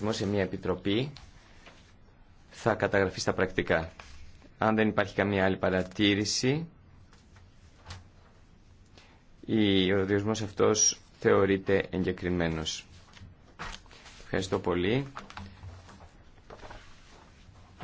μός σε μια επιτροπή θα καταγραφεί στα πρακτικά. Αν δεν υπάρχει καμία άλλη παρατήρηση, ο οδηγισμός αυτός θεωρείται εγκεκριμένος. Ευχαριστώ πολύ.